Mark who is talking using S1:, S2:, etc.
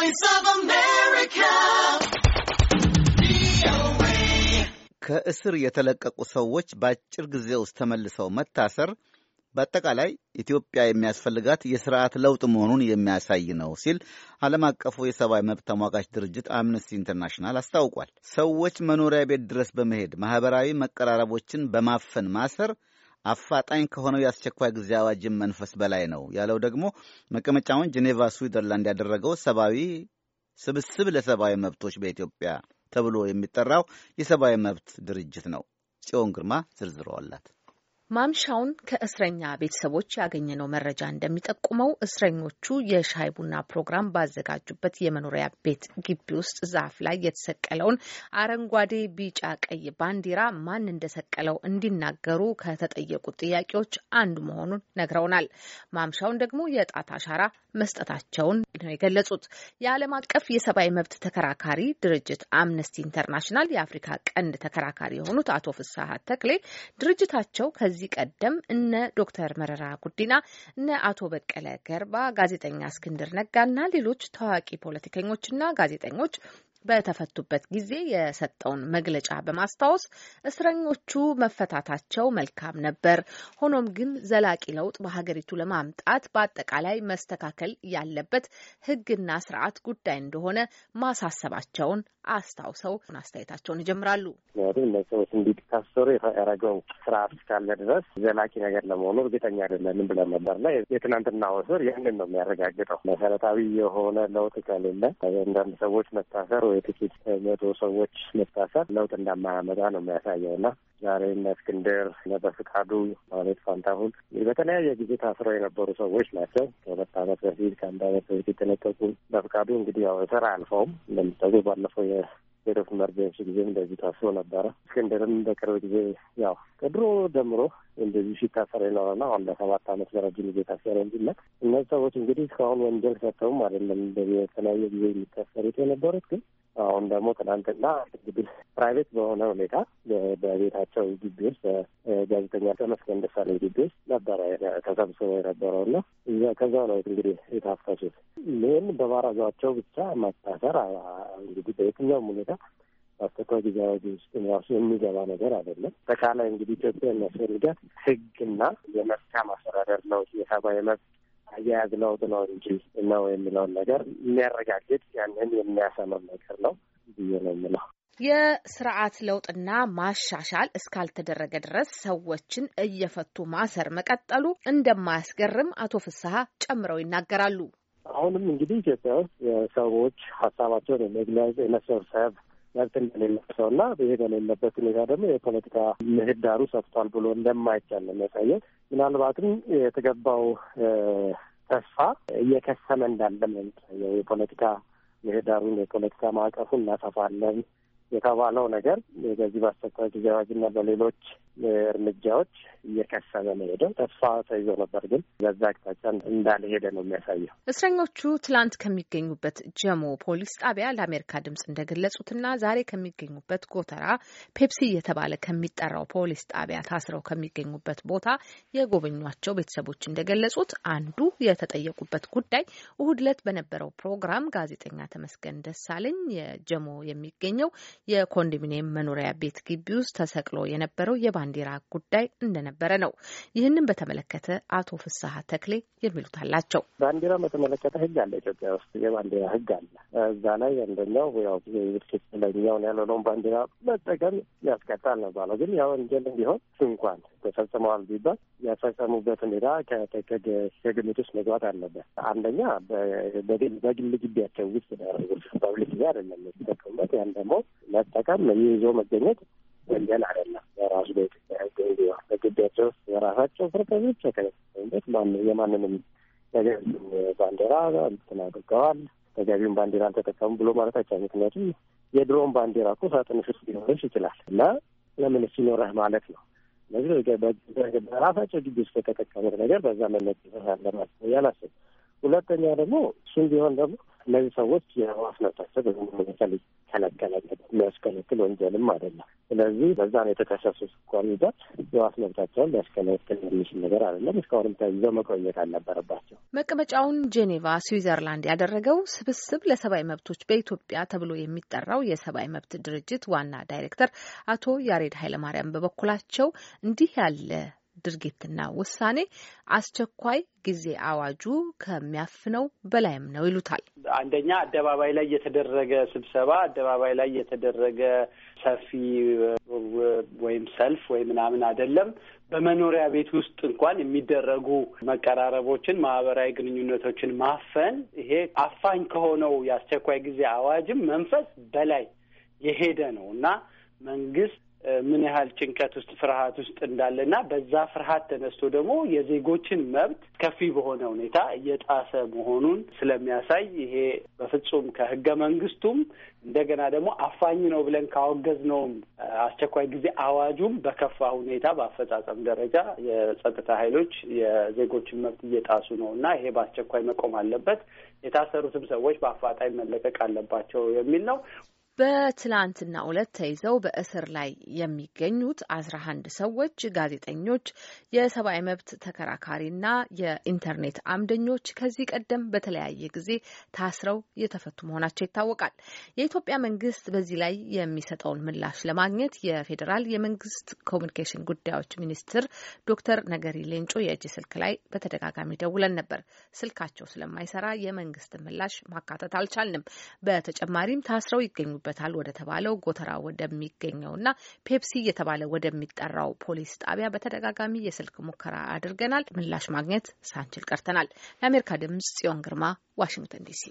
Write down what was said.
S1: Voice
S2: ከእስር የተለቀቁ ሰዎች በአጭር ጊዜ ውስጥ ተመልሰው መታሰር በአጠቃላይ ኢትዮጵያ የሚያስፈልጋት የስርዓት ለውጥ መሆኑን የሚያሳይ ነው ሲል ዓለም አቀፉ የሰብአዊ መብት ተሟጋች ድርጅት አምነስቲ ኢንተርናሽናል አስታውቋል። ሰዎች መኖሪያ ቤት ድረስ በመሄድ ማኅበራዊ መቀራረቦችን በማፈን ማሰር አፋጣኝ ከሆነው የአስቸኳይ ጊዜ አዋጅን መንፈስ በላይ ነው ያለው ደግሞ መቀመጫውን ጄኔቫ ስዊዘርላንድ ያደረገው ሰብአዊ ስብስብ ለሰብአዊ መብቶች በኢትዮጵያ ተብሎ የሚጠራው የሰብአዊ መብት ድርጅት ነው። ጽዮን ግርማ ዝርዝሮ አላት።
S1: ማምሻውን ከእስረኛ ቤተሰቦች ያገኘነው መረጃ እንደሚጠቁመው እስረኞቹ የሻይ ቡና ፕሮግራም ባዘጋጁበት የመኖሪያ ቤት ግቢ ውስጥ ዛፍ ላይ የተሰቀለውን አረንጓዴ፣ ቢጫ፣ ቀይ ባንዲራ ማን እንደሰቀለው እንዲናገሩ ከተጠየቁት ጥያቄዎች አንዱ መሆኑን ነግረውናል። ማምሻውን ደግሞ የጣት አሻራ መስጠታቸውን ነው የገለጹት። የዓለም አቀፍ የሰብአዊ መብት ተከራካሪ ድርጅት አምነስቲ ኢንተርናሽናል የአፍሪካ ቀንድ ተከራካሪ የሆኑት አቶ ፍስሀ ተክሌ ድርጅታቸው ከዚህ ከዚህ ቀደም እነ ዶክተር መረራ ጉዲና፣ እነ አቶ በቀለ ገርባ፣ ጋዜጠኛ እስክንድር ነጋና ሌሎች ታዋቂ ፖለቲከኞችና ጋዜጠኞች በተፈቱበት ጊዜ የሰጠውን መግለጫ በማስታወስ እስረኞቹ መፈታታቸው መልካም ነበር፣ ሆኖም ግን ዘላቂ ለውጥ በሀገሪቱ ለማምጣት በአጠቃላይ መስተካከል ያለበት ሕግና ስርዓት ጉዳይ እንደሆነ ማሳሰባቸውን አስታውሰው አስተያየታቸውን ይጀምራሉ።
S3: ምክንያቱም ሰዎች እንዲታሰሩ ያደረገው ስርዓት እስካለ ድረስ ዘላቂ ነገር ለመሆኑ እርግጠኛ አይደለንም ብለን ነበርና የትናንትና ወስር ይህንን ነው የሚያረጋግጠው። መሰረታዊ የሆነ ለውጥ ከሌለ አንዳንድ ሰዎች መታሰር የጥቂት መቶ ሰዎች መታሰር ለውጥ እንዳማያመጣ ነው የሚያሳየው እና ዛሬ እነ እስክንድር እነ በፍቃዱ ማለት ፋንታሁን በተለያየ ጊዜ ታስረው የነበሩ ሰዎች ናቸው። ከሁለት ዓመት በፊት ከአንድ ዓመት በፊት የተለቀቁ በፍቃዱ እንግዲህ ያው እስር አልፈውም እንደምታውቁት ባለፈው ስቴት ኦፍ ኢመርጀንሲ ጊዜ እንደዚህ ታስሮ ነበረ። እስክንድርም በቅርብ ጊዜ ያው ከድሮ ጀምሮ እንደዚህ ሲታሰር የኖረና አሁን ለሰባት ዓመት ለረጅም ጊዜ ታሰረ እንዲለት እነዚህ ሰዎች እንግዲህ እስካሁን ወንጀል ሰጥተውም አይደለም እንደዚህ የተለያየ ጊዜ የሚታሰሩት የነበሩት ግን አሁን ደግሞ ትናንትና እንግዲህ ፕራይቬት በሆነ ሁኔታ በቤታቸው ግቢ ውስጥ በጋዜጠኛ ተመስገን ደሳለኝ ግቢ ውስጥ ነበረ ተሰብስበው የነበረው እና ከዛ ነው እንግዲህ የታፈሱት። ይህን በማራዟቸው ብቻ መታሰር እንግዲህ በየትኛውም ሁኔታ አስቸኳይ ጊዜ አዋጅ ውስጥ ራሱ የሚገባ ነገር አይደለም። ጠቃላይ እንግዲህ ኢትዮጵያ የሚያስፈልጋት ህግና የመብት ማስተዳደር ነው የሰብአዊ መብት አያያዝ ለውጥ ነው እንጂ ነው የሚለውን ነገር የሚያረጋግጥ ያንን የሚያሰምር ነገር ነው ብዬ ነው የምለው።
S1: የስርዓት ለውጥና ማሻሻል እስካልተደረገ ድረስ ሰዎችን እየፈቱ ማሰር መቀጠሉ እንደማያስገርም አቶ ፍስሀ ጨምረው ይናገራሉ።
S3: አሁንም እንግዲህ ኢትዮጵያ ውስጥ የሰዎች ሀሳባቸውን የመግለጽ የመሰብሰብ መብት እንደሌለው ሰው እና ይሄ በሌለበት ሁኔታ ደግሞ የፖለቲካ ምህዳሩ ሰፍቷል ብሎ እንደማይቻል ነው የሚያሳየው። ምናልባትም የተገባው ተስፋ እየከሰመ እንዳለ ነው የሚታየው። የፖለቲካ ምህዳሩን የፖለቲካ ማዕቀፉ እናሰፋለን የተባለው ነገር በዚህ በአስቸኳይ ጊዜ አዋጅና በሌሎች እርምጃዎች እየከሰበ ነው ሄደው ተስፋ ተይዞ ነበር፣ ግን በዛ አቅጣጫ እንዳልሄደ ነው የሚያሳየው።
S1: እስረኞቹ ትላንት ከሚገኙበት ጀሞ ፖሊስ ጣቢያ ለአሜሪካ ድምጽ እንደገለጹትና ዛሬ ከሚገኙበት ጎተራ ፔፕሲ እየተባለ ከሚጠራው ፖሊስ ጣቢያ ታስረው ከሚገኙበት ቦታ የጎበኟቸው ቤተሰቦች እንደገለጹት አንዱ የተጠየቁበት ጉዳይ እሁድ ዕለት በነበረው ፕሮግራም ጋዜጠኛ ተመስገን ደሳለኝ የጀሞ የሚገኘው የኮንዶሚኒየም መኖሪያ ቤት ግቢ ውስጥ ተሰቅሎ የነበረው የባንዲራ ጉዳይ እንደነበረ ነው። ይህንን በተመለከተ አቶ ፍስሀ ተክሌ የሚሉት አላቸው።
S3: ባንዲራ በተመለከተ ህግ አለ። ኢትዮጵያ ውስጥ የባንዲራ ህግ አለ። እዛ ላይ አንደኛው ያው ትክክለኛውን ያልሆነውን ባንዲራ መጠቀም ያስቀጣል ነው ባለው። ግን ያው ወንጀልም እንዲሆን እንኳን ተፈጽመዋል ቢባል ያፈጸሙበት ሁኔታ ከግምት ውስጥ መግባት አለበት። አንደኛ በግል ግቢያቸው ውስጥ ያደረጉት ፐብሊክ አይደለም የሚጠቀሙበት ያን ደግሞ መጠቀም ይዞ መገኘት ወንጀል አይደለም። በራሱ በኢትዮጵያ ሕግ እንዲሆን በግቢያቸው ውስጥ የራሳቸው ፍርቀቶች የተነበት የማንንም ተገቢውን ባንዲራ እንትን አድርገዋል። ተገቢውን ባንዲራ ተጠቀሙ ብሎ ማለት አይቻልም። ምክንያቱም የድሮውን ባንዲራ እኮ ሳጥን ውስጥ ሊኖርሽ ይችላል እና ለምን ሲኖረህ ማለት ነው። ስለዚህ በራሳቸው ግቢ ውስጥ የተጠቀሙት ነገር በዛ መለጠፍ ነው። ያላስብ ሁለተኛ ደግሞ እሱም ቢሆን ደግሞ እነዚህ ሰዎች የዋስ መብታቸው በዚህ ሁኔታ ሊከለከለ የሚያስከለክል ወንጀልም አይደለም። ስለዚህ በዛ ነው የተከሰሱ እኮ ሂደት የዋስ መብታቸውን ሊያስከለክል የሚችል ነገር አይደለም። እስካሁንም ተይዘው መቆየት አልነበረባቸው።
S1: መቀመጫውን ጄኔቫ ስዊዘርላንድ ያደረገው ስብስብ ለሰብአዊ መብቶች በኢትዮጵያ ተብሎ የሚጠራው የሰብአዊ መብት ድርጅት ዋና ዳይሬክተር አቶ ያሬድ ኃይለማርያም በበኩላቸው እንዲህ ያለ ድርጊትና ውሳኔ አስቸኳይ ጊዜ አዋጁ ከሚያፍነው በላይም ነው ይሉታል። አንደኛ
S2: አደባባይ ላይ የተደረገ ስብሰባ፣ አደባባይ ላይ የተደረገ ሰፊ ወይም ሰልፍ ወይ ምናምን አይደለም። በመኖሪያ ቤት ውስጥ እንኳን የሚደረጉ መቀራረቦችን፣ ማህበራዊ ግንኙነቶችን ማፈን ይሄ አፋኝ ከሆነው የአስቸኳይ ጊዜ አዋጅም መንፈስ በላይ የሄደ ነው እና መንግስት ምን ያህል ጭንቀት ውስጥ ፍርሃት ውስጥ እንዳለ እና በዛ ፍርሃት ተነስቶ ደግሞ የዜጎችን መብት ከፊ በሆነ ሁኔታ እየጣሰ መሆኑን ስለሚያሳይ ይሄ በፍጹም ከህገ መንግስቱም እንደገና ደግሞ አፋኝ ነው ብለን ካወገዝ ነውም አስቸኳይ ጊዜ አዋጁም በከፋ ሁኔታ በአፈጻጸም ደረጃ የጸጥታ ኃይሎች የዜጎችን መብት እየጣሱ ነው እና ይሄ በአስቸኳይ መቆም አለበት፣ የታሰሩትም ሰዎች በአፋጣኝ መለቀቅ አለባቸው የሚል ነው።
S1: በትላንትና ዕለት ተይዘው በእስር ላይ የሚገኙት አስራ አንድ ሰዎች ጋዜጠኞች፣ የሰብአዊ መብት ተከራካሪና የኢንተርኔት አምደኞች ከዚህ ቀደም በተለያየ ጊዜ ታስረው የተፈቱ መሆናቸው ይታወቃል። የኢትዮጵያ መንግስት በዚህ ላይ የሚሰጠውን ምላሽ ለማግኘት የፌዴራል የመንግስት ኮሚኒኬሽን ጉዳዮች ሚኒስትር ዶክተር ነገሪ ሌንጮ የእጅ ስልክ ላይ በተደጋጋሚ ደውለን ነበር። ስልካቸው ስለማይሰራ የመንግስት ምላሽ ማካተት አልቻልንም። በተጨማሪም ታስረው ይገኙበት ይገኙበታል ወደ ተባለው ጎተራ ወደሚገኘውና ፔፕሲ እየተባለ ወደሚጠራው ፖሊስ ጣቢያ በተደጋጋሚ የስልክ ሙከራ አድርገናል። ምላሽ ማግኘት ሳንችል ቀርተናል። ለአሜሪካ ድምጽ ጽዮን ግርማ ዋሽንግተን ዲሲ